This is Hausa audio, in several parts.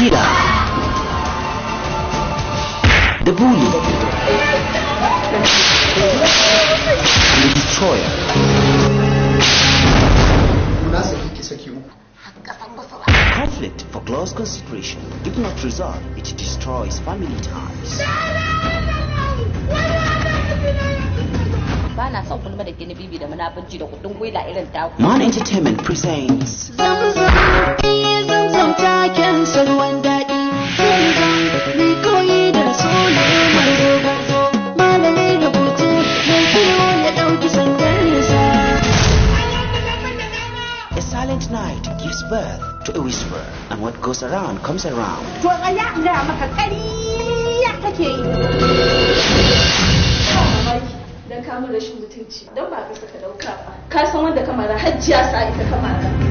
Akira, The Bully, The Destroyer. Conflict for close consideration. If not resolved, it destroys family ties. Man Entertainment presents da ruwan daɗi ni koyi da rasulu mai dogon zo malamin rubutu mai kiro ya ɗauki sandar A silent night gives birth to a whisper and what goes around comes around. To maka take yi. kamun rashin mutunci don ba ka saka dauka ba. Ka san wanda kamara hajjiya sa ita kamara.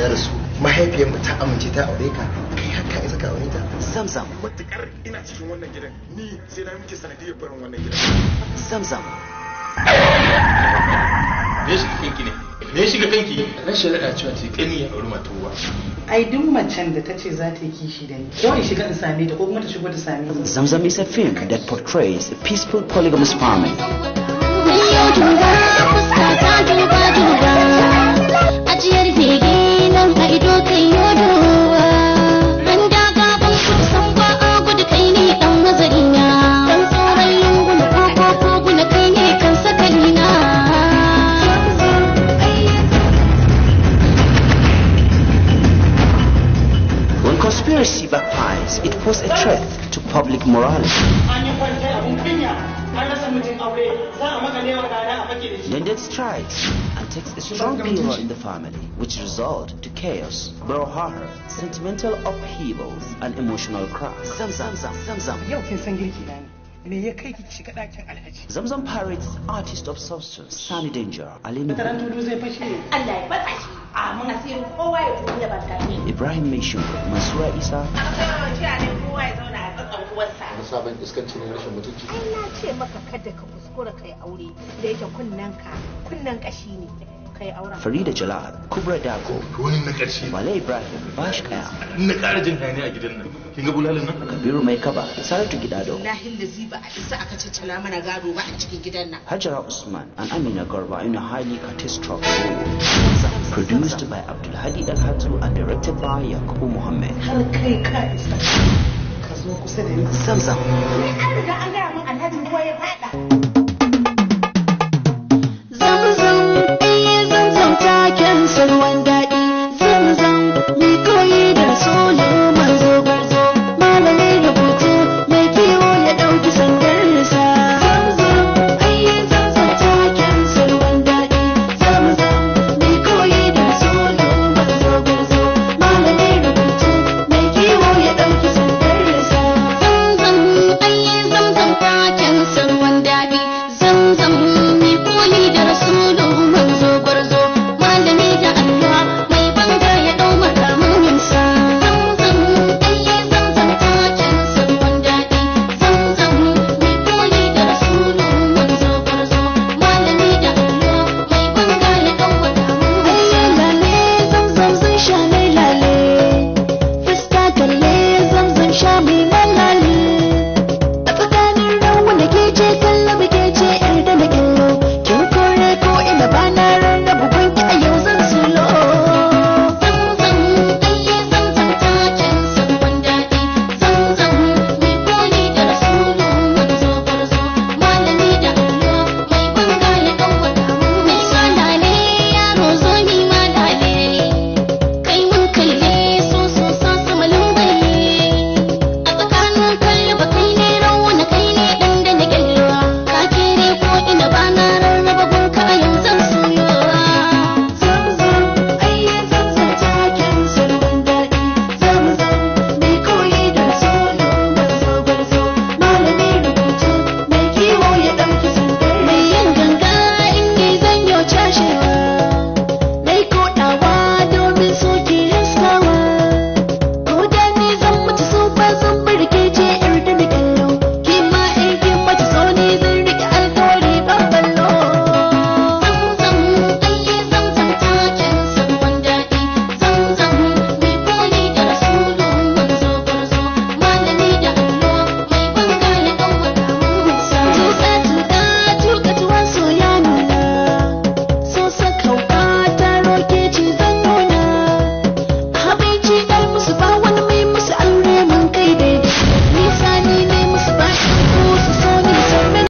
ya rasu mahaifiyarmu ta amince ta aure ka kai haka isa ka aure ta zamzam matukar ina cikin wannan gidan ni sai na miki sanadiyar barin wannan gidan zamzam me shi kanki ne me shiga kanki rashin rada cewa ce kani ya aure mata uwa ai duk macen da ta ce za ta yi kishi da ni yau in shiga in same ta ko kuma ta shigo ta same ni zamzam is a film that portrays a peaceful polygamous family conspiracy backfires. It poses a threat to public morality. Then strikes and takes a strong pillar in the family, which result to chaos, brouhaha, sentimental upheavals, and emotional cracks. Zam, zam, zam, zam, zam. Zamzam pirates, artist of substance, Sunny Danger, Alina. a ah, muna sai kowa ya tafi da bantafi Ibrahim mai shin Mansura Isa a kasar jiya ne kowa ya zauna a tsatsan uwarsa wani sabon iskanci ne rashin mutunci ai na ce maka kada ka kuskura kai aure da yake kunnen ka kunnen kashi ne kai auren Farida Jalal Kubra Dago wani na kashi Malai Ibrahim Bash Kaya na ƙara jin hayani a gidan nan kin ga bulalin nan kabiru mai kaba saratu gidado Na da ziba a isa aka caccala mana gado ba a cikin gidan nan hajara usman an amina garba in a highly catastrophic produced by Abdulhadi El Hatu and directed by Yakubu Muhammad. Zamzam,